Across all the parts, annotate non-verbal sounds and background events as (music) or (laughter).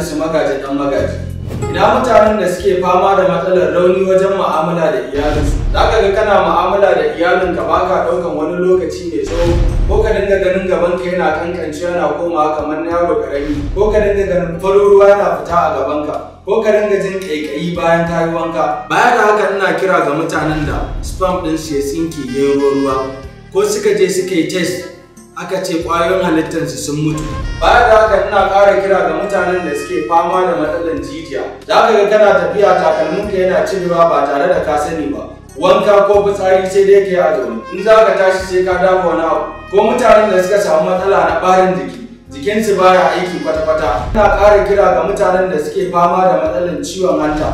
su magaji dan magaji. Ina mutanen da suke fama da matsalar rauni wajen mu'amala da iyalinsu. Za ka ga kana mu'amala da iyalinka ba ka ɗaukan wani lokaci mai tsawo ko ka dinga ganin gabanka yana kankance yana komawa kamar na yaro karami ko ka dinga ganin farin ruwa yana fita a gabanka. ko ka dinga jin kaikayi bayan ta yi wanka baya da haka ina kira ga mutanen da spam ɗin su ya tsinke ruwa ko suka je suka yi test aka ce ƙwayoyin halittarsu sun mutu. Baya da haka ina ƙara kira ga mutanen da suke fama da matsalar jijiya. Za ka ga kana tafiya takalminka yana cirewa ba tare da ka sani ba. Wanka ko fitsari sai dai ka yi a zaune. In za ka tashi sai ka dafa wani abu. Ko mutanen da suka samu matsala na ɓarin jiki. Jikinsu baya aiki kwata-kwata. Ina ƙara kira ga mutanen da suke fama da matsalar ciwon hanta,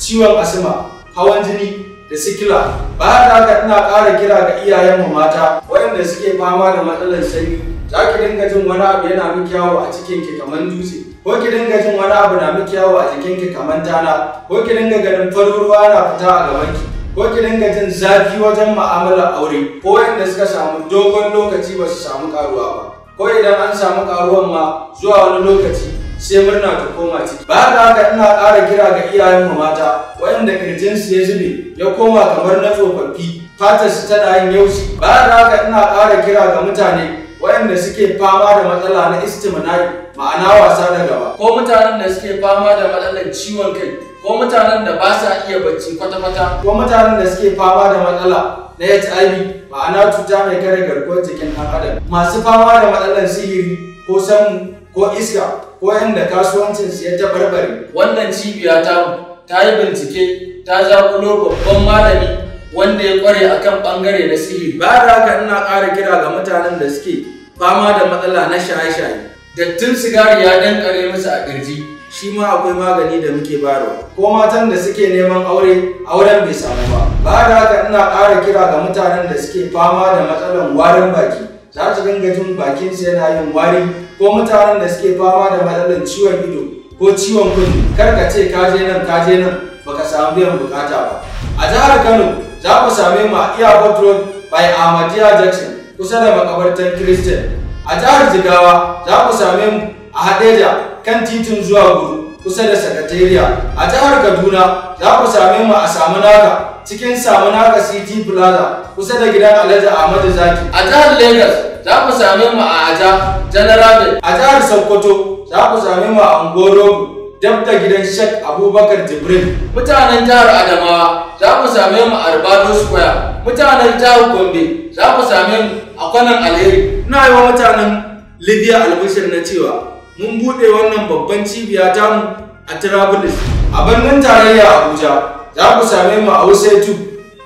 ciwon asma, hawan jini, da sikila ba da haka ina ƙara kira ga iyayen mu mata waɗanda suke fama da matsalar sanyi za ki dinga jin wani abu yana miki yawo a cikin ki kamar dutse ko ki dinga jin wani abu na miki yawo a jikin ki kamar tana ko ki dinga ganin farin ruwa na fita a gaban ki ko ki dinga jin zafi wajen mu'amalar aure ko waɗanda suka samu dogon lokaci ba su samu karuwa ba ko idan an samu karuwan ma zuwa wani lokaci sai murna ta koma ciki. Ba da haka ina ƙara kira ga iyayen mu mata waɗanda su ya zube ya koma kamar na tsofaffi su tana yin yaushi. Ba da haka ina ƙara kira ga mutane waɗanda suke fama da matsala na istimnai ma'ana wasa da gaba. Ko mutanen da suke fama da matsalar ciwon kai ko mutanen da ba sa iya bacci kwata-kwata. Ko mutanen da suke fama da matsala na HIV ma'ana cuta mai kare garkuwar jikin ɗan adam. Masu fama da matsalar sihiri ko samu ko iska da kasuwancin ya tabarbare. Wannan cibiya ta ta yi bincike ta zakulo babban malami wanda ya kware akan bangare na sihiri. Ba da haka ina ƙara kira ga mutanen da suke fama da matsala na shaye-shaye. Dattin sigari ya dankare musu a ƙirji. Shi ma akwai magani da muke bayarwa. Ko matan da suke neman aure, auren bai samu ba. Ba da haka ina ƙara kira ga mutanen da suke fama da matsalan warin baki. Za su dinga jin bakinsu yana yin wari ko mutanen da suke fama da matsalar ciwon ido ko ciwon kudu kar ka ce ka je nan ka je nan baka samu biyan bukata ba a jihar Kano za ku same mu a Airport Road by Ahmadiyya Jackson kusa da makabartar Christian a jihar Jigawa za ku same mu a Hadeja kan titin zuwa Guru kusa da sakatariya a jihar Kaduna za ku same mu a Samunaka cikin Samunaka City Plaza kusa da gidan Alhaji Ahmadu Zaki a jihar Lagos za ku same mu a Aja General a jihar Sokoto za ku same mu a Angorogu dab da gidan Sheikh Abubakar Jibril. Mutanen jihar Adamawa za ku same mu a Ribado Square. Mutanen jihar Gombe za ku same mu a kwanan Alheri. Ina yi wa mutanen Libya albishir na cewa mun buɗe wannan babban cibiya tamu a tirabulis A birnin tarayya Abuja za ku same mu a Wuse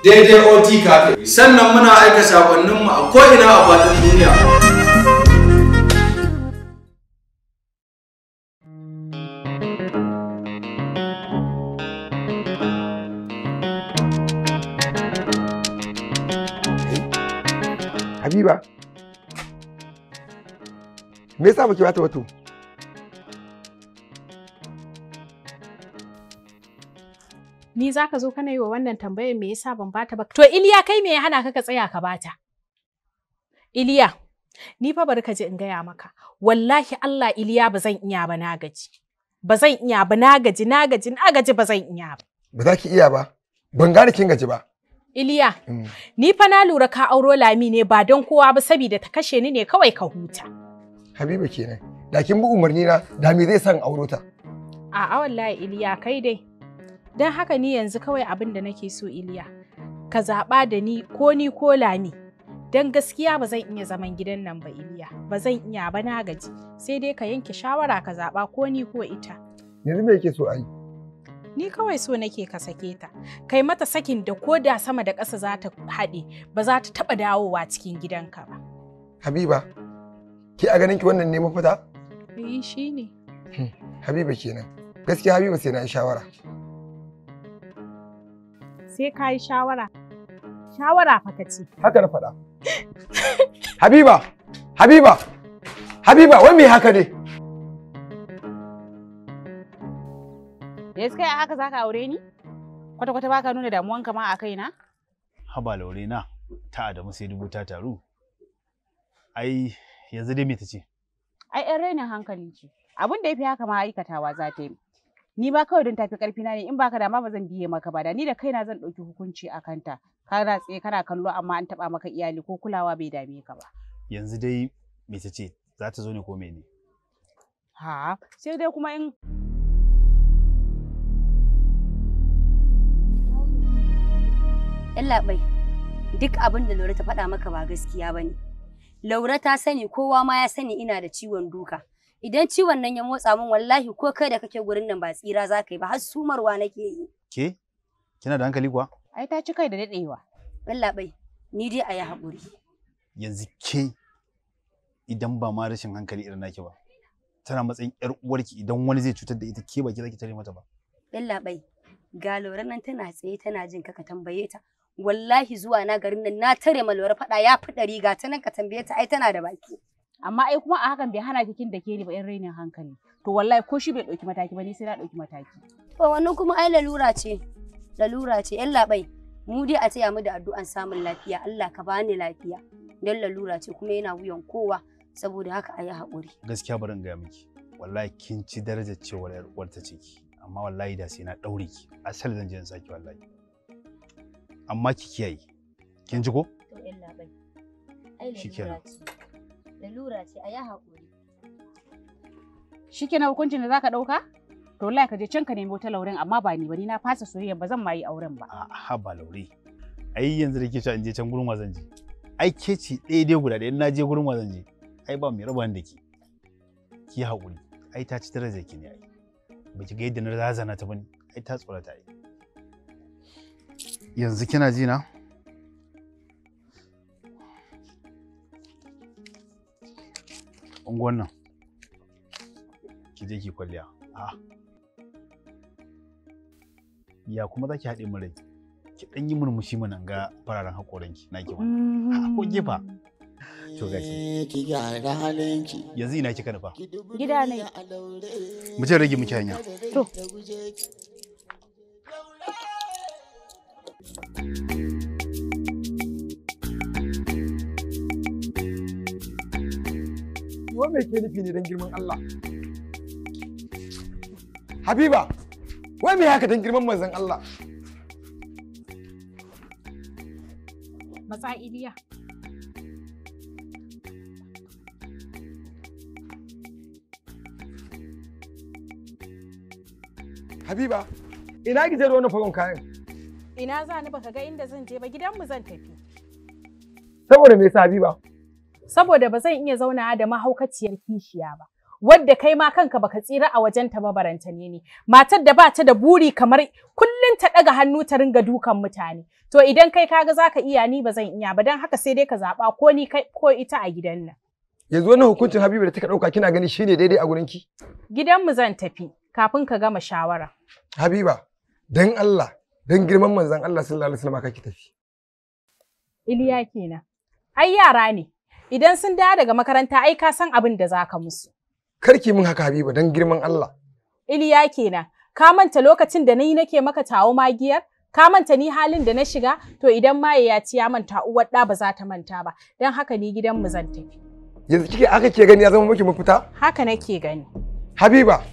daidai ot kafin. sannan muna aika sakonninmu a ko'ina a fatan duniya Habiba, me yasa baki bata wato? ni za ka zo kana yi wa wannan tambayar me yasa ban bata ba to iliya kai me ya hana ka ka tsaya ka bata iliya ni fa bari ka je in gaya maka wallahi allah iliya ba zan iya ba na gaji ba zan iya ba na gaji na gaji na gaji ba zan iya ba ba za ki iya ba ban gane kin gaji ba Iliya, mm. ni fa na lura ka auro Lami ne ba don kowa ba saboda ta kashe ni ne kawai ka huta. Habiba kenan, da kin bi umarni na da me zai san auro ta? A'a wallahi Iliya kai dai. Don haka ni yanzu kawai abin da nake so Iliya, ka zaɓa da ni ko ni ko lami. Don gaskiya ba zan iya zaman gidan nan ba Iliya, ba zan iya ba na gaji, sai dai ka yanke shawara ka zaɓa ko ni ko ita. Yanzu me yake so a yi? Ni kawai so nake ka sake ta, kai mata sakin da ko da sama da ƙasa za ta haɗe ba za ta taɓa dawowa cikin gidanka ba. Habiba, ki a ganin ki wannan ne mafita? Yi eh, shi ne. Hmm, Habiba kenan. Gaskiya Habiba sai na yi shawara. sai ka yi shawara. Shawara fa ka ce. Haka na faɗa. Habiba, Habiba, Habiba, wai me haka ne? Yanzu kai haka za ka aure ni? Kwata-kwata ba ka nuna damuwan kama a kaina? Haba laure na, ta Adamu sai dubu ta taru. Ai, yanzu dai me ta ce? Ai, ƴan rainin hankali ce. Abin da ya fi haka ma aikatawa za ta yi. ni ba kawai don tafi karfi na ne in baka dama ba zan biye maka ba da ni da kaina zan ɗauki hukunci a kanta kana tsaye kana kallo amma an taɓa maka iyali ko kulawa bai dame ka ba yanzu dai me ta ce za ta zo ne ko mene ha sai dai kuma in Yallaɓai, duk abin da Laura ta faɗa maka ba gaskiya ba ne. Laura ta sani kowa ma ya sani ina da ciwon duka. idan ciwon nan ya motsa min wallahi ko kai da kake gurin nan ba tsira za ka yi ba har sumarwa nake yi. Ke? Kina da hankali kuwa? Ai ta ci kai da daɗewa. Allah bai, ni dai a yi haƙuri. Yanzu ke idan ba ma rashin hankali irin naki ba. Tana matsayin ƴar uwarki idan wani zai cutar da ita ke ba ki zaki tare mata ba. Allah bai, ga lore nan tana tsaye tana jin ka ka tambaye ta. Wallahi zuwa na garin nan na tare ma lore faɗa ya fi ɗari ga ta nan ka tambaye ta ai tana da baki. amma ai kuma a hakan bai hana kikin da ke ni ba in rainin hankali to wallahi ko shi bai ɗauki mataki ba ni sai na ɗauki mataki. to wannan kuma ai lalura ce lalura ce yan labai mu dai a taya mu da addu'an samun lafiya Allah ka bani lafiya dan lalura ce kuma yana wuyan kowa saboda haka ayi hakuri gaskiya bari in ga miki wallahi kin ci darajar cewar yar ta ciki amma wallahi da sai na daure ki asali zan je in saki wallahi amma ki kiyaye kin ji ko ai lalura ce lalura ce a yi haƙuri na hukuncin da zaka ɗauka to wallahi ka je can ka nemi wata lauren amma ba ni ba ni na fasa soyayya ba zan ma yi auren ba a'a ba laure ai yanzu da ke in je can gurin wazan je ai ke ce ɗaya dai guda ɗaya na je gurin wazan je ai ba mai raba da ke ki haƙuri ai ta ci darajar zaki ne ai ba ki ga yadda na razana ta bane ai ta tsorata ai yanzu kina ji na unguwan nan ki je ki kwalliya a ya kuma za ki haɗe mu rai ki ɗan yi murmushi mana ga fararen haƙoranki na ki wani mm-hmm. ko gefa to eh, ki yanzu ina kika nufa gida ne mu je rage muke hanya to Thank you. wai me ke nufi ne don girman Allah Habiba wai mai haka don girman manzon Allah Matsa Iliya Habiba, ina ki da wani fagon kayan? Ina za ni baka ga inda zan je ba gidanmu zan tafi. Saboda me yasa Habiba? saboda ba zan iya zauna da mahaukaciyar kishiya ba wadda kai ma kanka baka tsira a wajen ta mabaranta ne ne matar da ba ta da buri kamar kullun ta daga hannu ta ringa dukan mutane to idan kai kaga zaka iya ni ba zan iya ba dan haka sai dai ka zaba ko ni kai ko ita a gidan nan yanzu wannan hukuncin Habibu da take dauka kina gani shine daidai a gurin ki gidan mu zan tafi kafin ka gama shawara Habiba dan Allah dan girman manzon Allah sallallahu alaihi wasallam ka ki tafi Iliya kenan ai yara ne Idan sun dawo daga makaranta ai ka san abin da za ka musu. Karki min haka Habiba don girman Allah. Iliya kenan, ka manta lokacin da ni nake maka tawo magiyar? Ka manta ni halin da na shiga? To idan maye ya ci ya manta uwar ɗa ba za ta manta ba, don haka ni gidan mu zan tafi. Yanzu kike aka ke gani ya zama miki mafita? Haka nake gani. Habiba,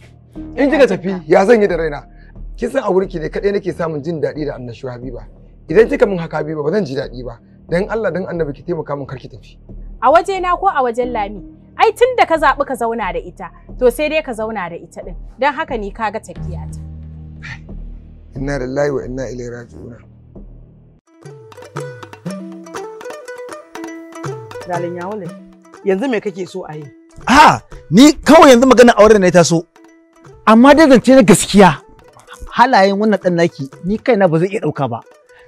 in kika tafi ya zan yi da raina. Kin san a wurki ne kaɗai nake samun jin daɗi da annashuwa Habiba. Idan kika min haka Habiba ba zan ji daɗi ba. Dan Allah dan Annabi ki taimaka min kar ki tafi. a wajena ko a wajen lami ai tun da ka zaɓi ka zauna da ita to sai dai ka zauna da ita ɗin don haka ni kaga tafiya ta. Inna lillahi wa inna ilaihi raji'una. Dalin yawale yanzu me kake so a yi? Ha ni kawai yanzu magana auren na ta so amma dai zance na gaskiya halayen wannan ɗan naki ni kaina ba zai iya ɗauka ba.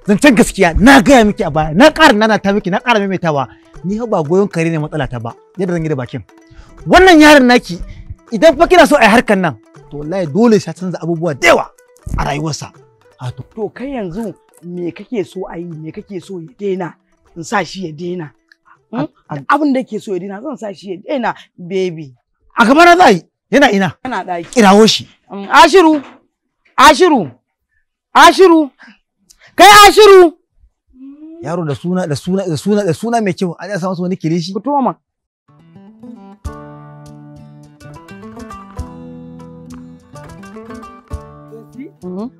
zancen gaskiya na gaya miki a baya na ƙara nana ta miki na ƙara maimaitawa ni ba goyon kare ne matsala ta ba yadda zan yi da bakin wannan yaron naki idan fa kina so a yi harkan nan to wallahi dole sai canza abubuwa da yawa a rayuwarsa a ah, to to kai yanzu me kake so a yi me kake so ya daina in sa shi ya daina hmm? ah, ah. abin da ke so ya daina zan sa shi ya daina baby a gaba na za yi yana ina yana daki kirawo shi hmm, ashiru ashiru ashiru kai ashiru yaro da suna da suna da suna da suna mai kyau an samu wani kirishi ku hmm?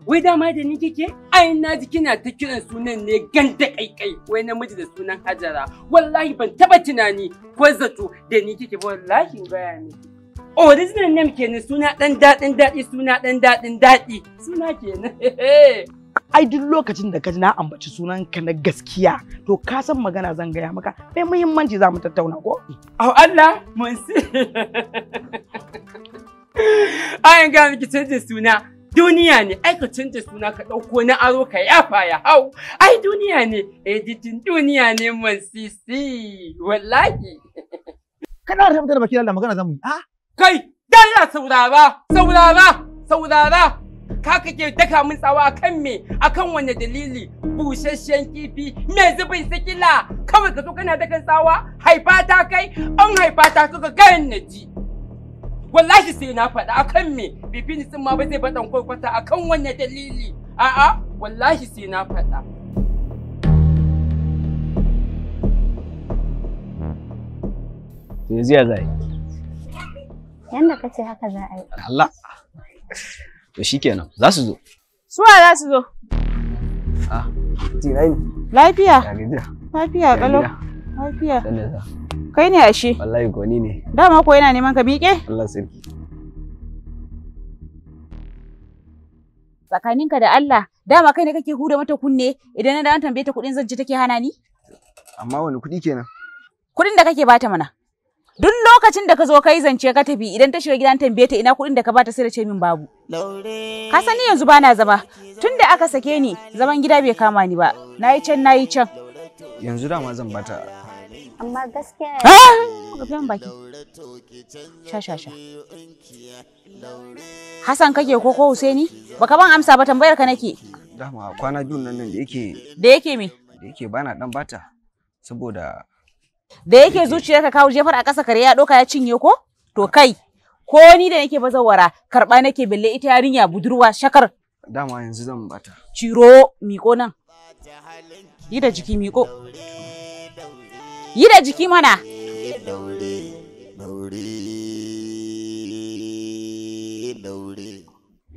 Wai dama da ni kike? Ai na ji kina ta kiran sunan ne ganda kaikai wai namiji da sunan Hajara. Wallahi ban taba tunani ko zato da ni kike ba wallahi gaya ne. Original name kenan suna dan dadin dadi suna dan dadin dadi suna kenan. (laughs) ai duk lokacin da ka ji na ambaci sunanka na gaskiya to ka san magana zan gaya maka mai muhimmanci za mu tattauna ko? Au Allah mun si. ai ga miki canza suna duniya ne ai ka canza suna ka ɗauko na aro ka fa ya hau ai duniya ne editin eh, duniya ne mun sisi wallahi. Kana da tabbatar da baki Allah magana zan mu Ah? Kai, dai saurara, saurara, saurara. ka kake daka min tsawa akan me akan wanne dalili busasshen kifi me zubin sikila kawai ka zo kana daka tsawa haifa ta kai an haifa ta kaka gayan na ji wallahi sai na faɗa akan me bibini sun ma ba zai baɗan kwata akan wanne dalili a'a wallahi sai na faɗa yanzu ya za yi yanda ka ce haka za a yi Allah to shikenan za su zo suwa za su zo ah tinayi lafiya lafiya kalau lafiya kai ne ashe wallahi goni ne dama ko yana neman ka miƙe Allah sarki tsakaninka da Allah dama kai ne kake huda mata kunne idan na da an tambaye ta kuɗin zan take hana ni amma wani kuɗi kenan kuɗin da kake bata mana duk lokacin da ka zo kai zance ka tafi idan ta shiga gidan tambaye ta ina kuɗin da ka bata sai da ce min babu ka sani yanzu ba na zama Tunda aka sake ni zaman gida bai kama ni ba na yi can na yi can yanzu dama zan bata amma gaskiya ya baki sha sha sha Hassan kake ko ko Husaini baka ban amsa ba tambayar ka nake dama kwana biyun nan da yake da yake me da yake bana dan bata saboda da yake zuciyarka kawo jefar a ƙasa kare ya ɗauka ya cinye ko to kai ko ni da nake bazawara karɓa nake belle ita yarinya budurwa shakar dama yanzu zan bata ciro miko nan yi da jiki miko yi da jiki mana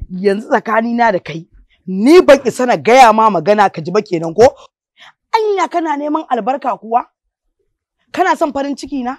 yanzu tsakanina da kai ni ban isa na gaya ma magana ka ji ba kenan ko anya kana neman albarka kuwa kana son farin ciki na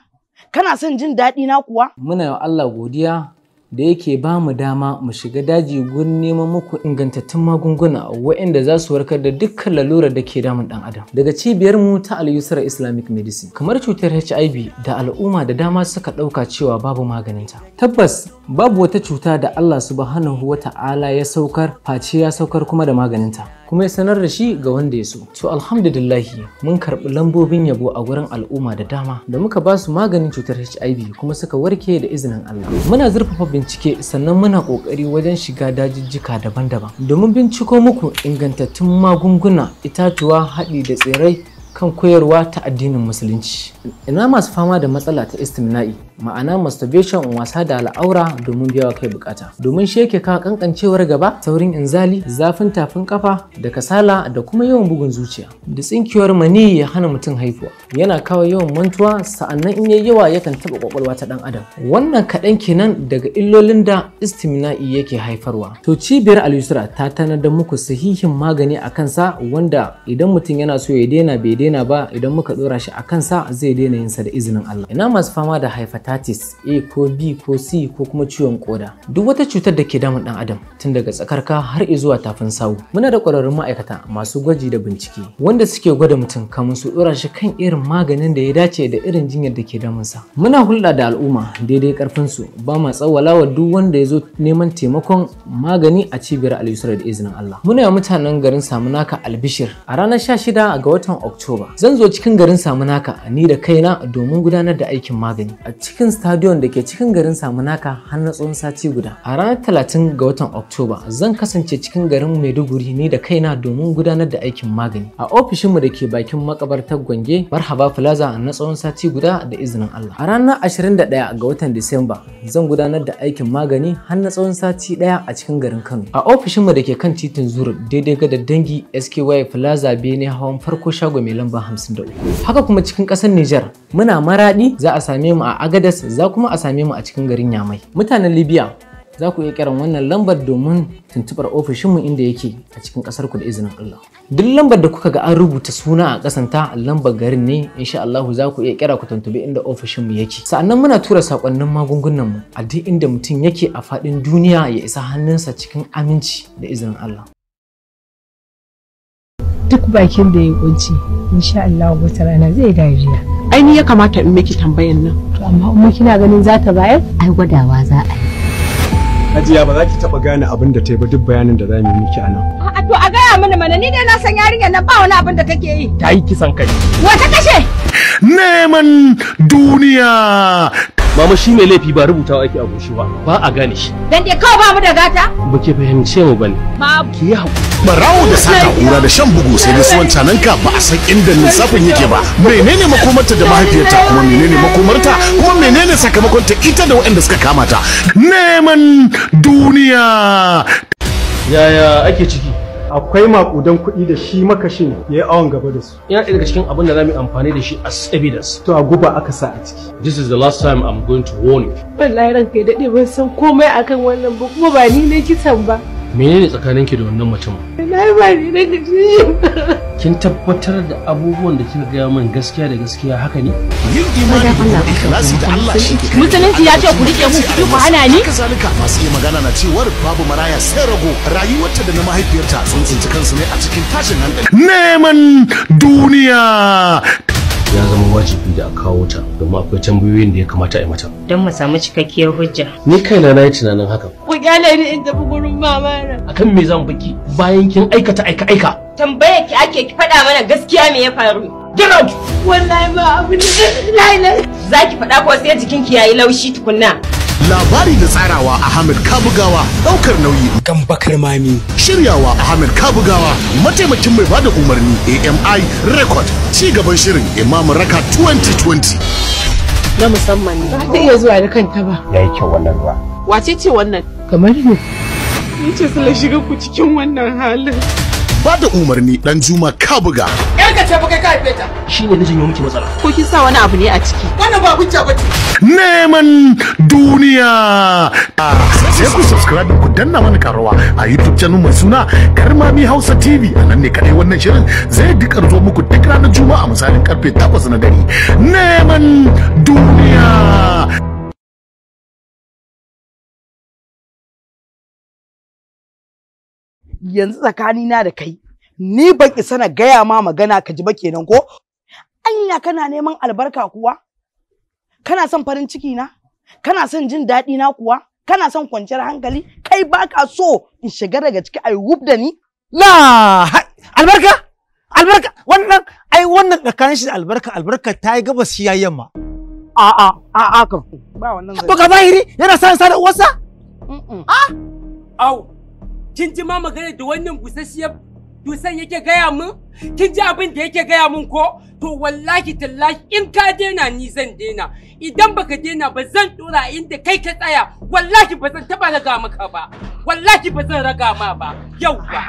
kana son jin daɗi na kuwa muna wa Allah godiya da yake ba mu dama mu shiga daji gurin neman muku ingantattun magunguna waɗanda za su warkar da dukkan lalurar da ke damun ɗan adam daga cibiyar mu ta al-yusra islamic medicine kamar cutar hiv da al'umma da dama suka ɗauka cewa babu maganinta tabbas babu wata cuta da Allah subhanahu wa ta'ala ya saukar face ya saukar kuma da maganinta kuma ya sanar da shi ga wanda ya so to lillahi mun karɓi lambobin yabo a gurin al'umma da dama da muka ba su maganin cutar HIV kuma suka warke da izinin Allah muna zurfafa bincike sannan muna kokari wajen shiga dajijjika daban-daban domin binciko muku ingantattun magunguna itatuwa haɗi da tsirai kan koyarwa ta addinin musulunci ina masu fama da matsala ta istimna'i ma'ana masturbation wasa da al'aura domin biyawa kai bukata domin shi yake kawo kankancewar gaba saurin inzali zafin tafin kafa da kasala da kuma yawan bugun zuciya da tsinkiyar mani ya hana mutum haihuwa yana kawo yawan mantuwa sa'annan in yayi yawa yakan taba kwakwalwa ta dan adam wannan kaɗan kenan daga illolin da istimina'i yake haifarwa to cibiyar al-yusra ta tanar da muku sahihin magani a kansa wanda idan mutum yana so ya daina bai daina ba idan muka dora shi a kansa zai daina yin sa da izinin Allah ina masu fama da haifata hepatitis A ko B ko C ko kuma ciwon koda. Duk wata cutar da ke damun ɗan adam tun daga tsakar ka har zuwa tafin sawu. Muna da ƙwararrun ma'aikata masu gwaji da bincike wanda suke gwada mutum kamun su ɗora shi kan irin maganin da ya dace da irin jinyar da ke damunsa. Muna hulɗa da al'umma daidai ƙarfin su ba ma tsawala wa duk wanda ya zo neman taimakon magani a cibiyar Al-Yusra da izinin Allah. Muna yi mutanen garin Samunaka Albishir a ranar 16 ga watan Oktoba. Zan zo cikin garin Samunaka ni da kaina domin gudanar da aikin magani. A cikin cikin stadion da ke cikin garin Samunaka har na tsawon sati guda. A ranar talatin ga watan Oktoba zan kasance cikin garin Maiduguri ni da kaina domin gudanar da aikin magani. A ofishinmu da ke bakin makabartar Gwange Marhaba Plaza na tsawon sati guda da izinin Allah. A ranar 21 ga watan Disamba zan gudanar da aikin magani har na tsawon sati daya a cikin garin Kano. A ofishinmu da ke kan titin Zuru daidai ga dangi SKY Plaza Bene hawan farko shago mai lamba 53. Haka kuma cikin ƙasar Nijar muna maraɗi za a same mu a Agadar? Legas za kuma a same mu a cikin garin Yamai. Mutanen Libya za ku iya kiran wannan lambar domin tuntubar ofishinmu inda yake a cikin ƙasar ku da izinin Allah. Duk lambar da kuka ga an rubuta suna a kasanta lambar garin ne insha Allah za ku iya kira ku tuntubi inda ofishinmu yake. Sa'annan muna tura sakonnin magungunan mu a duk inda mutum yake a fadin duniya ya isa hannunsa cikin aminci da izinin Allah. Duk bakin da ya kunci insha Allah wata rana zai dariya. ai ni ya kamata in miki tambayan nan to amma umma kina ganin za ta bayar ai gwadawa za a yi Hajiya ba za ki taɓa gane abin da ta yi ba duk bayanin da za mu yi miki a nan. A'a to a gaya mini mana ni dai na san yarinyar nan ba wani abin da take yi. Ta yi kisan kai. Wata kashe. Neman duniya mama shi mai laifi ba rubutawa ake a goshi ba ba a gane shi dan dai kawai ba mu da gata ba ke fahimce mu bane ki yi hakuri barawo da saka kura da shan bugu sai da suwan cananka ba a san inda lissafin yake ba menene makomarta da mahaifiyarta kuma menene makomarta kuma menene sakamakon ta ita da waɗanda suka kama ta neman duniya yaya ake ciki akwai makudan kuɗi da shi makashin ya yi awon gaba da su Ina daga cikin abin da za mu amfani da shi a evidence to a guba aka sa a ciki this is the last time i'm going to warn you wallahi ranka ya daɗe ban san komai akan wannan ba kuma ba ni ne kisan ba menene tsakaninki da wannan mutum na ba ni na kin tabbatar da abubuwan da kika gaya min gaskiya da gaskiya haka ne yin imani da ikhlasi da Allah shi ke musulunci ya ce ku rike mu ku ku hana ni kazalika masu yi magana na cewar babu maraya sai rago rayuwarta da na mahaifiyarta sun tsinci kansu ne a cikin tashin hankali neman duniya ya zama wajibi da a kawo ta domin akwai tambayoyin da ya kamata a yi mata don mu samu cikakkiyar hujja ni kaina na yi tunanin hakan kyale ni in tafi gurin mama na. Akan me zan baki bayan kin aikata aika aika. tambayar ki ake ki faɗa mana gaskiya me ya faru. Get out! Wallahi ba abu ne lailai. Za ki faɗa ko sai jikinki yayi laushi tukunna. Labari da tsarawa Ahmed Kabugawa ɗaukar nauyi. Gambakar mami. Shiryawa Ahmed Kabugawa mataimakin mai bada umarni AMI Record ci gaban shirin Imam Raka 2020. na musamman ne. Ba ta iya zuwa da kanta ba. Ya yi kyau wannan ruwa. Wace ce wannan? Kamar ne. Ni ce su shiga ku cikin wannan halin. ba da umarni dan juma ka buga ka ce baka kai feta shine nijin yau miki matsala ko kin sa wani abu ne a ciki wannan ba hujja bace neman duniya ah, sai ku subscribe ku danna mana karawa a youtube channel mai suna karmami hausa tv a nan ne kadai wannan shirin zai duka zo muku duk ranar juma'a misalin karfe 8 na dare neman duniya yanzu tsakanina da kai ni ban isa na gaya ma magana ka ji ba kenan ko anya kana neman albarka kuwa kana son farin ciki na kana son jin daɗi na kuwa kana son kwanciyar hankali kai baka so in shiga daga ciki ai wub da ni la albarka albarka wannan ai wannan tsakanin shi albarka albarka ta yi gabas shi yayin yamma a a a a ka ba wannan zai to ka zahiri yana san sa da uwarsa a ah! au kin ji ma magana da wannan busasshiyar dusan yake gaya min kin ji abin da yake gaya min ko to wallahi tallahi in ka daina ni zan daina idan baka daina ba zan tura inda kai ka tsaya wallahi ba zan taba raga maka ba wallahi ba zan raga ma ba yauwa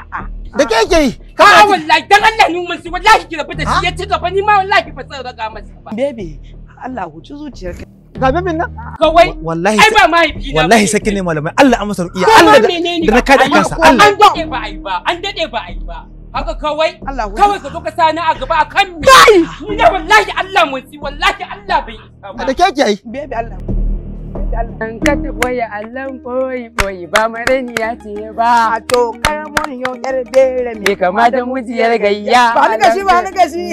da ke ke yi ka wallahi dan Allah ni mun wallahi ki rabu da shi ya ci gaba ni ma wallahi ba zan raga masa ba baby Allah ci zuciyarka ga bebin nan kawai wallahi ai ba mahaifi na wallahi sake ne malamai Allah an masa ruqiya Allah da na kada kansa Allah an dade ba ai ba an dade ba ai ba haka kawai kawai ka zo ka sani a gaba akan ni kai ne wallahi Allah mun si wallahi Allah bai isa ba da keke ai bebe Allah An kati boye allon boye boye ba mareni ya ce ba. A to karamon yau yar bere me kama da mujiyar gayya. Ba ni gashi ba ni gashi.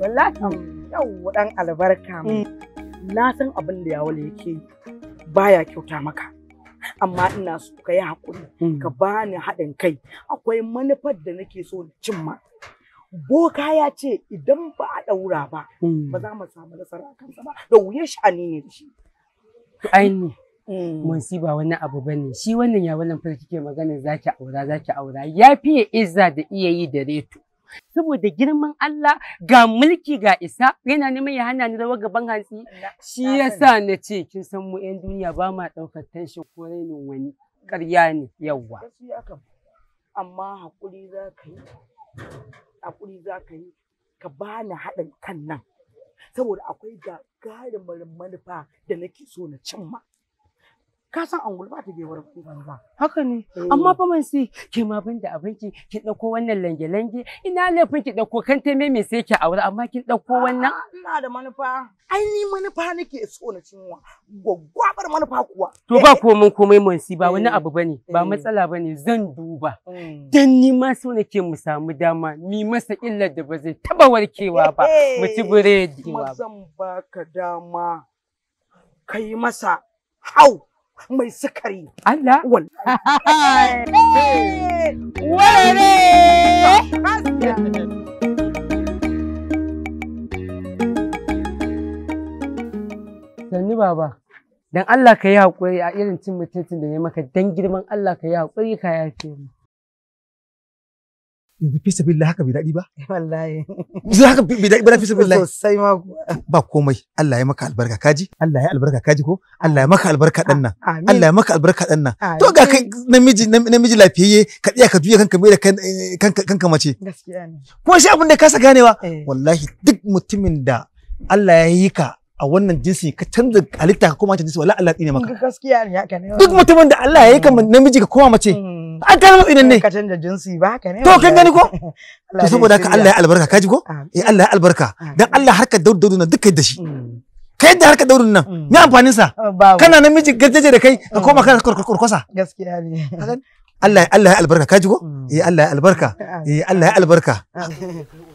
Wallahi. yau dan albarka mm. na san abin da yawale yake baya kyauta maka amma ina so ka yi haƙuri mm. ka bani haɗin kai akwai manufar da nake so cimma boka ya ce idan ba a ɗaura ba mm. ba za mu samu nasara a kansa ba da shi sha'ani ne da shi aini Monsi ba wani abu ba shi wannan ya wannan farki ke magana zaki aura zaki aura ya fiye izza da iya yi da reto saboda girman Allah ga mulki ga isa yana neman ya hana ni rawa gaban hantsi shi yasa na ce kin san mu yan duniya ba ma daukar tension ko rainin wani ƙarya ne yawwa amma hakuri za ka yi hakuri za ka yi ka bani haɗin kan nan saboda akwai ga gagarumin manufa da nake so na cimma ka san angul ba ta gewar banza haka ne eh. amma fa man sai ke ma da abinki ki dauko wannan lange lange ina laifin ki dauko kan ta me me sai ki aure amma kin dauko wannan ah, ina da manufa ai ni manufa nake so na cinwa gwaggwabar manufa kuwa to ba eh, eh. komai komai man si ba wani abu bane ba matsala bane zan duba hmm. dan ni ma so nake mu samu dama mi masa illar da ba zai taba warkewa ba mu ci biredi zan baka dama kai masa hau mai sukari. Allah? Wallahi. Sanni baba, don Allah ka yi haƙuri a irin cin mutuncin da ya maka don girman Allah ka yi hakuri ka yafe mu. yanzu fi sabilillah haka bai daɗi ba (laughs) wallahi yanzu haka bai daɗi ba fi sabilillah sosai ma ba komai Allah ya maka albarka kaji Allah ya albarka kaji ko Allah ya maka albarka dan nan Allah ya maka albarka dan nan to ga kai namiji namiji lafiyayye ka tsaya ka juya kanka mai da kanka mace gaskiya ne kuma shi abin da kasa ganewa eh. wallahi duk mutumin da Allah ya yi ka a wannan jinsi ka canza halitta ka koma jinsi wala Allah tsine maka gaskiya ne haka ne duk mutumin da Allah ya yi kan mm. namiji ka koma mace mm. an ka mu idan ne ka canza jinsi ba haka ne to kan gani ko (laughs) to saboda haka Allah ya albarka kaji ko eh Allah ya albarka dan Allah harka daudu na dukkan da shi ka yadda mm. harka daudun nan me amfanin sa oh, kana namiji gajeje da kai ka koma kana kurkusa gaskiya ne Allah Allah ya albarka kaji ko eh Allah ya albarka eh Allah ya albarka (laughs)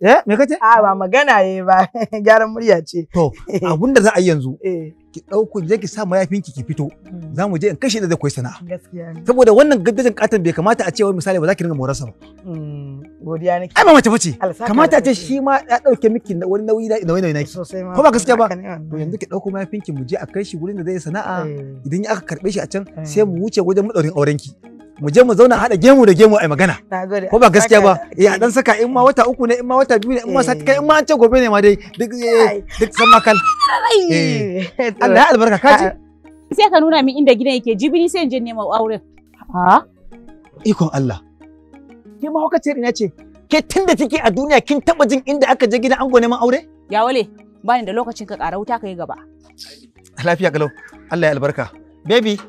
Eh, me kace? A ba magana ye ba, (laughs) gyaran murya ce. To, (laughs) abun da za a yi yanzu. Eh. Ki ɗauko je ki sa mayafin ki ki fito. Hmm. Za mu je in kashe da zai koyi sana'a. Gaskiya ne. Saboda wannan gaddajin katon bai kamata a ce wai misali ba za ki ringa morarsa ba. Hmm, godiya nake. Ai ba mace bace. Kamata a ce shi ma ya ɗauke miki wani nauyi na nauyi naki. Sosai ma. Ko ba gaskiya ba? To yanzu ki ɗauko mayafin ki mu je a kai shi wurin da zai sana'a. Eh. Idan aka karɓe shi a can eh. sai mu wuce wajen maɗaurin aurenki. mu je mu zauna haɗa gemu da gemu ai magana ko ba gaskiya ba ya dan saka in ma wata uku ne in ma wata biyu ne in ma sati kai in ma an ce gobe ne ma dai duk eh, duk san makal eh. (laughs) Allah ya albarka ka ji sai ka nuna min inda gidan yake jibini sai in je nema auren ha ikon Allah ke ma hokace ina ce ke tunda take a duniya kin taba jin inda aka je gidan ango neman aure ya wale bani da lokacin ka ƙara wuta ka yi gaba lafiya galau Allah ya albarka baby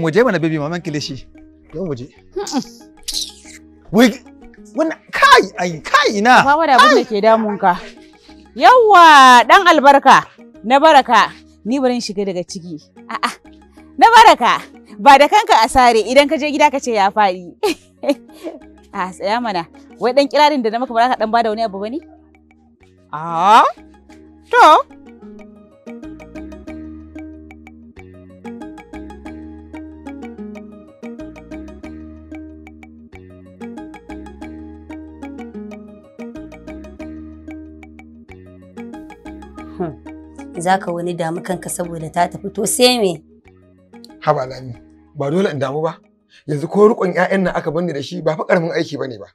mu je mana baby maman kilishi Zo mu kai ai kai na. Ba abin da ke damun ka. Yawwa dan albarka na baraka ni barin shiga daga ciki. A'a na baraka ba da kanka a sare idan ka je gida ka ce ya faɗi. A (laughs) ah, tsaya mana wai dan kirarin da na maka ba dan bada wani abu bane? A ah, to zaka wani damu kanka saboda ta tafi to sai me haba lami ba dole in damu ba yanzu ko rukun ƴaƴan nan aka bani da shi ba fa karamin aiki bane ba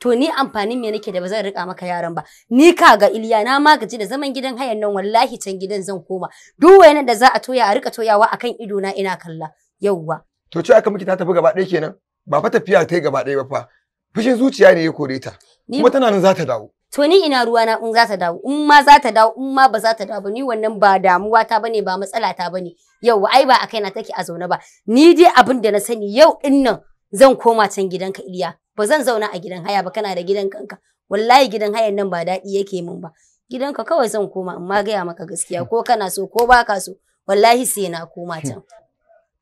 to ni amfanin me nake da ba rika maka yaran ba ni kaga Iliya na ma gaji da zaman gidan hayan nan wallahi can gidan zan koma duk wayanan da za a toya a rika toyawa akan ido na ina kalla yauwa to ce aka miki ta tafi gaba ɗaya kenan ba fa tafiya ta yi gaba ɗaya ba fa fushin zuciya ne ya kore ta kuma tana nan za ta dawo to ni ina ruwa na in za ta dawo in ma za ta dawo in ma ba za ta dawo ba ni wannan ba damuwa ta bane ba matsala ta bane yau ai ba akai na take a zaune ba ni dai abin da na sani yau din nan zan koma can gidanka Iliya ba zan zauna a gidan haya ba kana da gidan kanka wallahi gidan hayan nan ba daɗi yake min ba gidanka kawai zan koma amma gaya maka gaskiya ko kana so ko baka so wallahi sai na koma can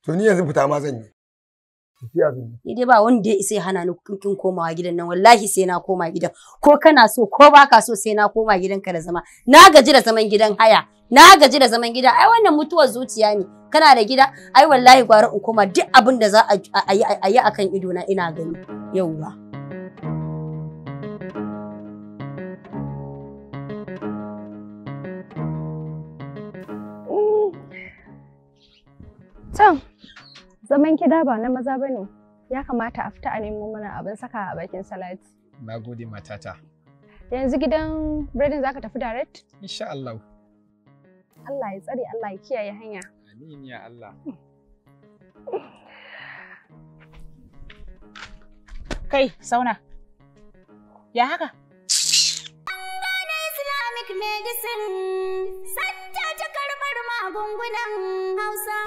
to ni yanzu fita ma zan yi Ni dai ba wanda ya isa ya hana ni kin komawa gidan nan wallahi sai na koma gidan ko kana so ko baka so sai na koma gidanka da zama na gaji da zaman gidan haya na gaji da zaman gida ai wannan mutuwar zuciya ne kana da gida ai wallahi gwara in koma duk abin da za a yi akan ido na ina gani yauwa mm. Tom, Zaman gida ba na maza ba ne, ya kamata a fita a nemo mana abin saka a bakin salati. Na gode matata. Yanzu gidan biredin za ka tafi direct? Insha Allah. Allah ya tsare Allah ya kiyaye hanya. Amin ya Allah. (laughs) Kai, sauna. Ya haka? Islamic medicine.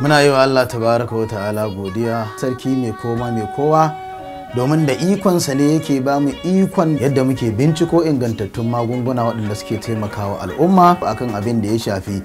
Muna yi wa Allah tabaraka wa ta'ala godiya sarki mai koma mai kowa domin da ikonsa ne yake ba mu ikon yadda muke binciko ingantattun magunguna waɗanda suke taimakawa al'umma akan abin da ya shafi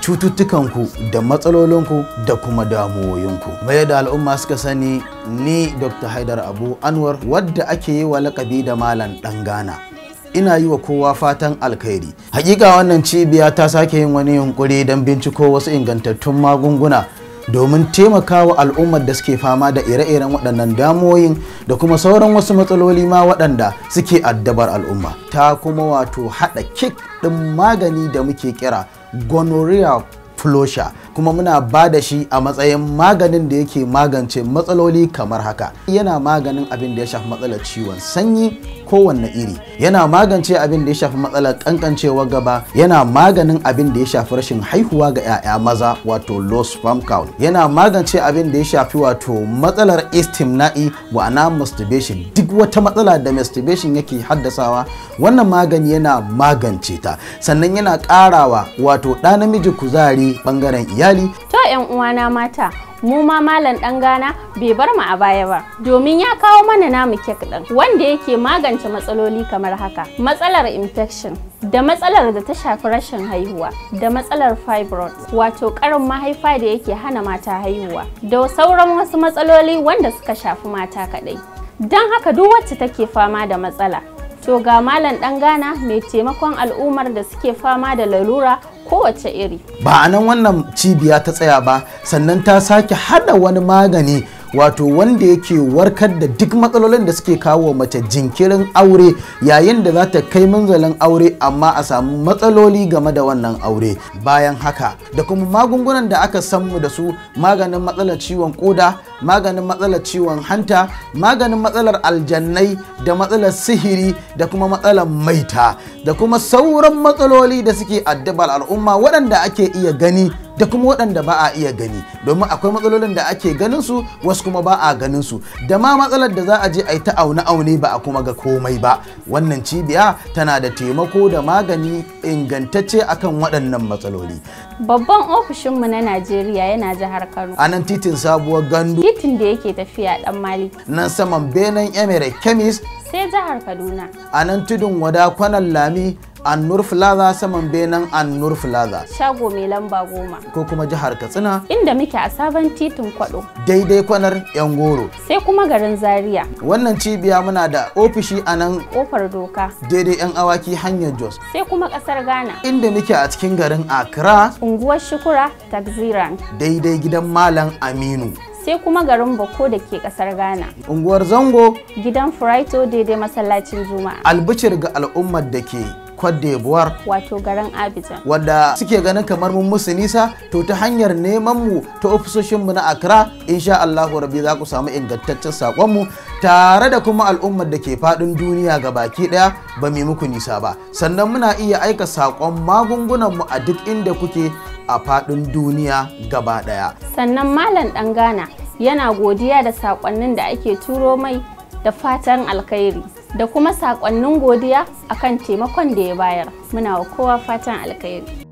cututtukanku da matsalolinku da kuma damuwoyinku. Mai da al'umma suka sani ni Dr. Haidar Abu Anwar wadda ake yi wa lakabi da Malam Ɗan Ghana. ina yi wa kowa fatan alkhairi hakika wannan cibiya ta sake yin wani yunkuri don binciko wasu ingantattun magunguna domin taimakawa al'ummar da suke fama da ire-iren waɗannan damoyin da kuma sauran wasu matsaloli ma waɗanda suke addabar al'umma ta kuma wato haɗa kik ɗin magani da muke kira gonorrhea flosha kuma muna ba da shi a matsayin maganin da yake magance matsaloli kamar haka yana maganin abin da ya shafi matsalar ciwon sanyi kowanne iri yana magance abin da ya shafi matsalar kankancewar gaba yana maganin abin da ya shafi rashin haihuwa ga 'ya'ya maza wato low sperm count yana magance abin da ya shafi wato matsalar istimna'i wa'ana masturbation duk wata matsala da masturbation yake haddasawa wannan magani yana magance ta sannan yana karawa wato ɗa namiji kuzari bangaren iyali ta 'yan uwana mata mu ma malam dan gana bai bar mu a baya ba domin ya kawo mana namu kek din wanda yake magance matsaloli kamar haka matsalar infection da matsalar da ta shafi rashin haihuwa da matsalar fibroid wato karin mahaifa da yake hana mata haihuwa da sauran wasu matsaloli wanda suka shafi mata kadai don haka duk wacce take fama da matsala to ga malam dan gana mai taimakon al'ummar da suke fama da lalura kowace iri ba a nan wannan cibiya ta tsaya ba sannan ta sake hada wani magani wato wanda yake warkar da duk matsalolin da suke kawo mace jinkirin aure yayin da za ta kai manzalin aure amma a samu matsaloli game da wannan aure bayan haka da kuma magungunan da aka san mu da su maganin matsalar ciwon koda maganin matsalar ciwon hanta maganin matsalar aljannai da matsalar sihiri da kuma matsalar maita da kuma sauran matsaloli da suke addabar al'umma al'umma waɗanda ake iya gani da kuma waɗanda ba a iya gani domin akwai matsalolin da ake ganin su wasu kuma ba a ganin su da ma matsalar da za a je a yi ta aune aune ba a kuma ga komai ba wannan cibiya tana da taimako da magani ingantacce akan waɗannan matsaloli babban ofishinmu na najeriya yana jihar kano a nan titin sabuwar gandu titin da yake tafiya dan mali nan saman benen emirate kemis. sai jihar kaduna a nan tudun wadakwanan kwanan lami annur plaza saman benin annur plaza shago mai lamba goma ko kuma jihar Katsina. Inda muke a sabon titin Kwado. Daidai kwanar Yan Goro. Sai kuma garin Zaria. Wannan cibiya muna da ofishi a nan. Kofar Doka. Daidai Yan Awaki hanyar Jos. Sai kuma ƙasar Ghana. Inda muke a cikin garin Accra. Unguwar Shukura Taxiran. Daidai gidan Malam Aminu. sai kuma garin Bako da ke kasar Ghana. Unguwar Zango. Gidan Furaito daidai masallacin Juma'a. Albicir ga al'ummar da ke kwadde d'Ivoire wato garin Abidjan wanda suke ganin kamar mun musu nisa to ta hanyar neman mu ta ofisoshin mu na Accra insha Allahu rabi za ku samu ingantaccen sakon mu tare da kuma al'ummar da ke fadin duniya ga baki daya ba mai muku nisa ba sannan muna iya aika sakon magungunan mu a duk inda kuke a fadin duniya gaba daya sannan malam dan Ghana yana godiya da sakonnin da ake turo mai da fatan alkhairi da kuma sakonnin godiya akan taimakon da ya bayar muna wa kowa fatan alkhairi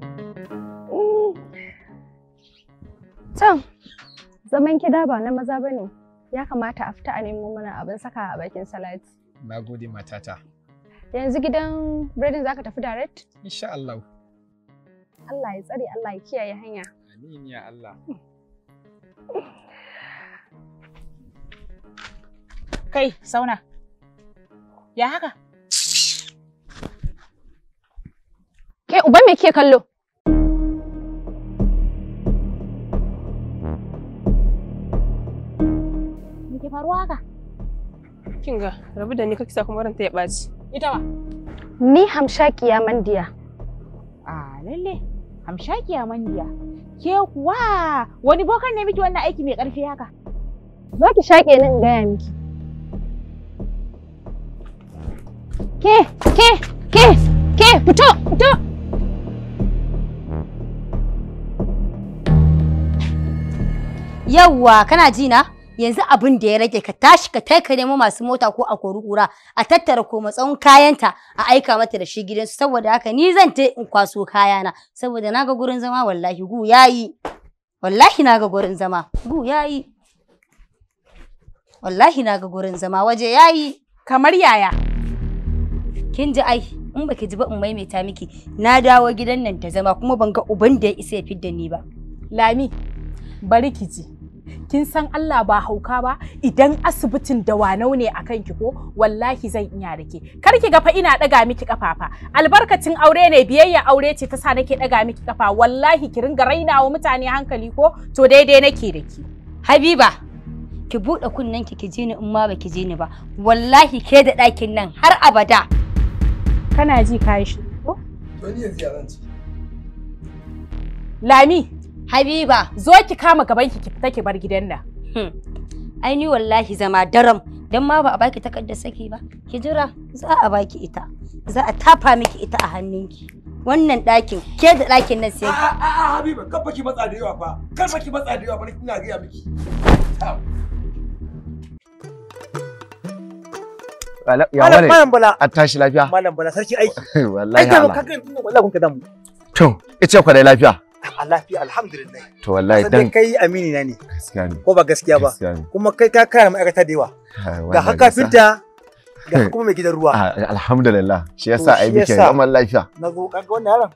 can zaman gida ba na maza bane ya kamata a fita a nemo mana abin saka a bakin salati na gode matata yanzu gidan biredin zaka tafi direct insha Allah Allah ya tsare Allah ya kiyaye hanya amin ya Allah kai sauna Ya haka? Ke uba me ke kallo? Me ke faruwa haka? Kinga rabu da ni kake sa kuma ranta ya baci. Ita ba? Ni hamshakiya mandiya. Ah, lalle hamshakiya mandiya. Ke kuwa wani bokan ne miki wannan aiki mai ƙarfi haka? Zo ki shaƙe ni in gaya miki. Ke, ke, ke, ke, fito, fito. Yawwa, kana ji na? Yanzu abin da ya rage ka tashi ka kai ka nemo masu mota ko a kori kura a tattara ko matsawon kayanta a aika mata da shi gidansu saboda haka ni zan ta in kwaso kayana saboda naga gurin zama wallahi gu yayi wallahi naga gurin zama gu yayi wallahi naga gurin zama waje yayi kamar yaya kin ji ai in baki ji ba in maimaita miki na dawo gidan nan ta zama kuma ban ga uban da ya isa ya fidda ni ba lami bari ki ji kin san Allah ba hauka ba idan asibitin da wanau ne a kanki ko wallahi zan iya rike kar ki ga fa ina daga miki kafafa albarkacin aure ne biyayya aure ce ta sa nake daga miki kafa wallahi ki ringa rainawa mutane hankali ko to daidai nake da ki habiba ki buɗe kunnen ki ki je ni in ma baki ji ni ba wallahi ke da ɗakin nan har abada kana ji ka shi ko yanzu ya lami habiba zo ki kama gaban ki ki fita ki bar gidan nan hmm. ai ni wallahi zama daram dan ma ba a baki takardar saki ba ki jira za a baki ita za a tafa miki ita a hannunki wannan ɗakin ke da ɗakin nan sai a a habiba kafa ki matsa da yawa fa kafa ki matsa da yawa fa ina ga miki malam bala aiki (laughs) ka damu lafiya lafiya kai na ne gaskiya ne ko ba gaskiya ba kuma kai da yawa ga haka finta ga (laughs) kuma mai ruwa ah, alhamdulillah shi ai lafiya wannan eh.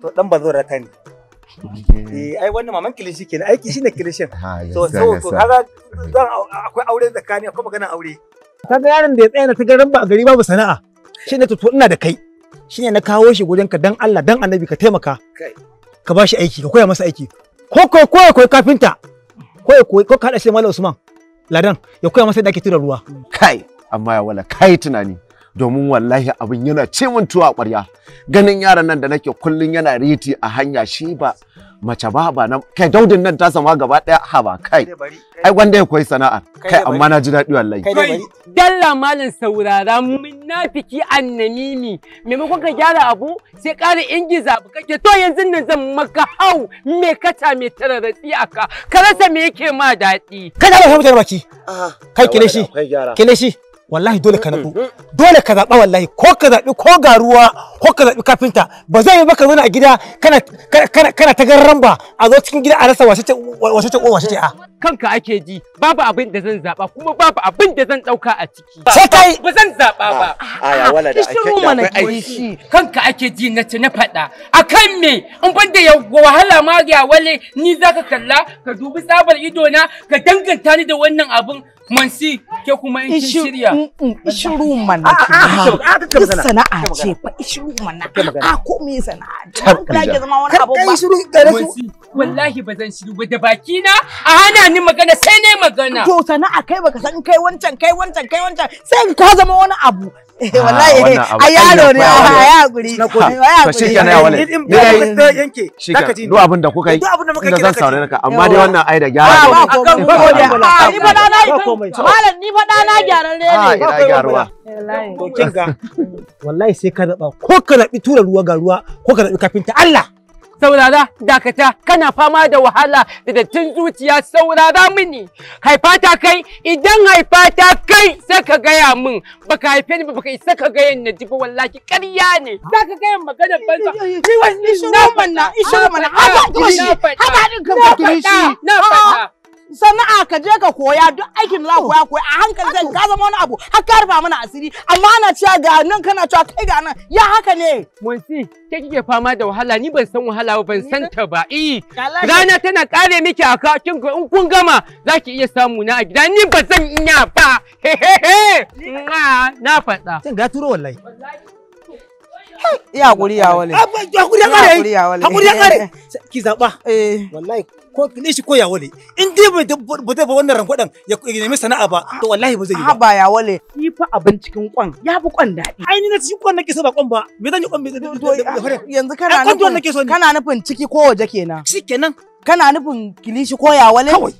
to dan ba zo ne wannan maman kilishi kenan aiki shine kilishin (laughs) ah, so so akwai aure tsakani akwai maganar aure kaga yaron da ya tsaya na ta garin ba gari babu sana'a shi ne ina da kai shi ne na kawo shi gurin ka dan Allah dan annabi ka taimaka ka ba shi aiki ka koya masa aiki ko ko ko ko kafinta ko ko ko ka hada shi malam Usman ladan ya koya masa da ake tura ruwa kai amma ya wala kai tunani domin wallahi abin yana ce min tuwa ƙwarya ganin yaran nan da nake kullun yana riti a hanya shi ba mace ba ba na kai daudin nan ta sama gaba daya ha ba kai ai wanda ya koyi sana'ar kai amma na ji daɗi wallahi dalla malin saurara mun nafiki annanini maimakon ka gyara abu sai ƙara ingiza abu kake to yanzu nan zan maka hau me kata me tararatsi aka ka rasa me yake ma daɗi kai ba mutane baki kai kile shi kile shi wallahi dole ka natsu mm, mm, mm. dole ka zaɓa wallahi ko ka zaɓi ko ga ruwa ko ka zaɓi kafinta ba zai yi baka zauna a gida kana kana kana ta garran ba a zo cikin gida a rasa wace ce wace ce wace ce a kanka ake ji babu abin da zan zaɓa kuma babu abin da zan ɗauka a ciki sai kai ba zan zaɓa ba aya wala da ake mana aiki kanka ake ji na ce na faɗa akan me in ban da wahala ma ga wale ni zaka kalla ka dubi tsabar ido na ka danganta ni da wannan abin Mansi, ke kuma in kin shirya. Mm, mm, ishiru mana. sana'a ce fa ishiru mana. A ah, ko me sana'a? Da ke zama wani abu ba. Kai shiru gare su. Wallahi ba zan shiru ba da baki na a hana ni magana sai ne magana. To sana'a kai baka san kai wancan kai wancan kai wancan sai ka zama wani abu. Eh, ah, wallahi a eh, a ah, ya guri to shi kenan wale ne yanke yi duk abin da muka zan naka. amma dai wannan ai da ah, ni ni na eh. gyaran ba wallahi sai ka zaba ko ka rabi tura ruwa ga ruwa ko ka rabi kafinta Allah saurara dakata kana fama da wahala da dattin zuciya saurara mini haifa ta kai idan haifa ta kai sai ka gaya min baka haife ni baka isa ka gaya ni ji wallahi ƙarya ne zaka ka gaya magana banza ni wannan na mana na ka na shi na fata sana'a ka je ka koya duk aikin za koya koya a hankali zai ka zama wani abu har ka rufa mana asiri amma ana cewa ga nan kana cewa kai ga nan ya haka ne monsi ke kike fama da wahala ni ban san wahala ba ban san ta ba eh rana tana kare miki a ku in kun gama zaki iya samu na a gida ni ba zan iya ba na faɗa kin ga turo wallahi Ya hakuri ya wale. Hakuri ya kare. Hakuri eh. ya kare. Ki zaba. Eh. Wallahi ko ne shi ko ya wale in dai ba zai ba wannan rankwadan ya nemi sana'a ba to wallahi ba zai yi ba ba ya wale shi fa abin cikin kwan ya fi kwan daɗi ai ni na cikin kwan nake so ba kwan ba me zan yi kwan me zan yi yanzu kana nufin kana nufin ciki ko waje kenan shikenan kana nufin kilishi ko ya wale kawai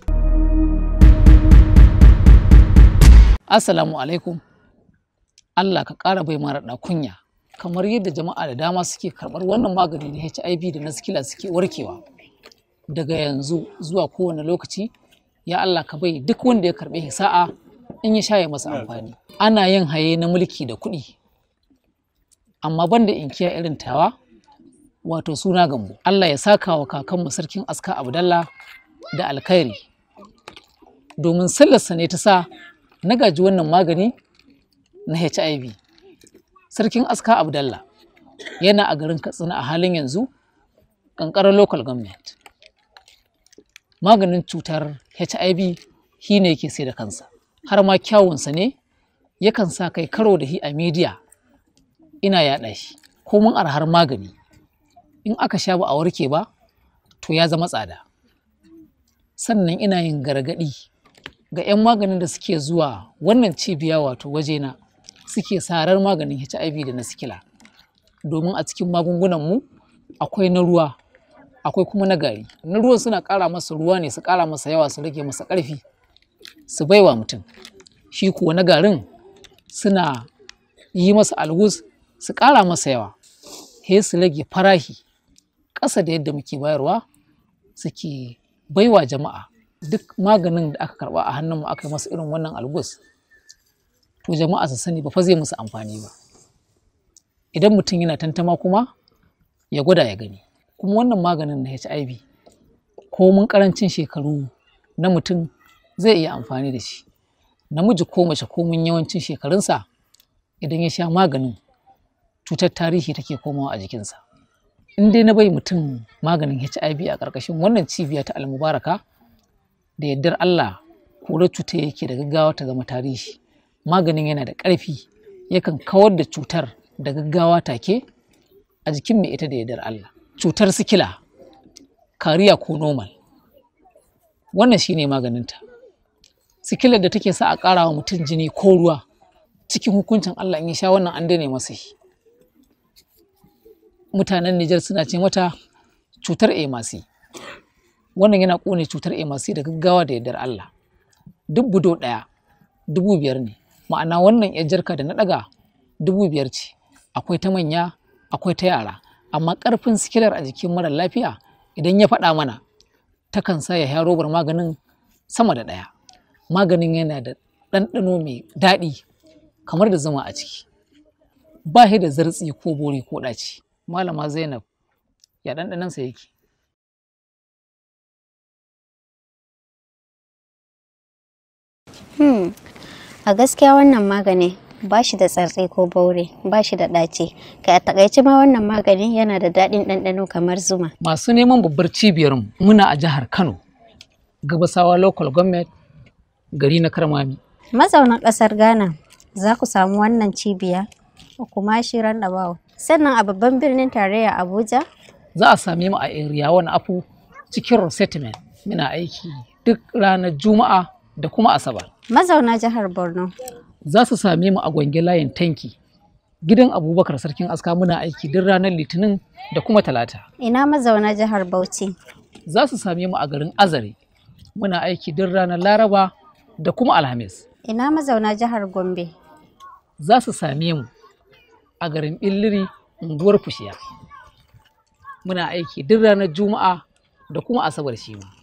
assalamu alaikum Allah ka ƙara bai mara kunya kamar yadda jama'a da dama suke karɓar wannan magani na HIV da na sikila suke warkewa daga yanzu zuwa kowane lokaci ya Allah ka bai duk wanda ya karɓi sa'a in ya shaye masa amfani ana yin haye na mulki da kuɗi amma banda inkiya irin tawa wato suna gambo Allah ya saka wa kakanmu sarkin aska abdalla da alkhairi domin sallarsa ne ta sa na gaji wannan magani na HIV sarkin aska abdalla yana a garin katsina a halin yanzu ƙanƙarar local government maganin cutar hiv shi ne yake sai da kansa har ma kyawunsa ne yakan sa kai karo da shi a media ina yaɗa shi ko mun arhar magani in aka sha ba a warke ba to ya zama tsada sannan ina yin gargaɗi ga 'yan maganin da suke zuwa wannan cibiya wato wajena suke sarar maganin hiv da na sikila domin a cikin magungunan mu akwai na ruwa akwai kuma na gari na ruwan suna ƙara masa ruwa ne su ƙara masa yawa su rage masa ƙarfi su baiwa mutum shi kuwa na garin suna yi masa algus su ƙara masa yawa he su rage farahi ƙasa da yadda muke bayarwa suke baiwa jama'a duk maganin da aka karba a hannunmu aka yi masa irin wannan algus to jama'a su sani ba fa zai musu amfani ba idan mutum yana tantama kuma ya gwada ya gani kuma wannan maganin na HIV ko mun karancin shekaru na mutum zai iya amfani da shi namiji ko mace ko mun yawancin shekarunsa idan ya sha maganin cutar tarihi take komawa a jikinsa in dai na bai mutum maganin HIV a ƙarƙashin wannan cibiya ta almubaraka da yardar Allah kura cuta yake da gaggawa ta zama tarihi maganin yana da ƙarfi yakan kawar da cutar da gaggawa take a jikin mai ita da yardar Allah cutar sikila kariya ko normal wannan shine maganinta Sikila da take sa a ƙara wa mutum jini ko ruwa cikin hukuncin Allah in sha wannan an dane masa mutanen Nijar suna ce mata cutar emasi wannan yana ƙone cutar emasi da gaggawa da yardar Allah duk budo ɗaya dubu biyar ne ma'ana wannan yar jarka da na ɗaga dubu biyar ce akwai ta manya akwai ta yara amma ƙarfin sikilar a jikin mara lafiya idan ya faɗa mana takan sa ya sha robar maganin sama da ɗaya maganin yana da ɗanɗano mai daɗi kamar da zama a ciki ba shi da zartsi ko bori ko ɗaci malama zainab ya ɗanɗanansa yake hmm, a gaskiya wannan magani ba shi da tsartsai ko baure ba shi da ɗaci kai a takaice ma wannan magani yana da daɗin ɗanɗano kamar zuma masu neman babbar cibiyar muna a jihar kano gabasawa local government gari na karmami mazaunan ƙasar ghana za ku samu wannan cibiya kuma shirar dabawa sannan a babban birnin tarayya abuja za a same mu a area wani afu cikin resettlement muna aiki duk ranar juma'a da kuma asabar mazauna jihar borno za su same mu a gwange layin tanki gidan abubakar sarkin aska muna aiki duk ranar litinin da kuma talata ina mazauna jihar bauchi za su same mu a garin azare muna aiki duk ranar laraba da kuma alhamis ina mazauna jihar gombe za su same mu a garin billiri unguwar fushiya muna aiki duk ranar juma'a da kuma asabar shima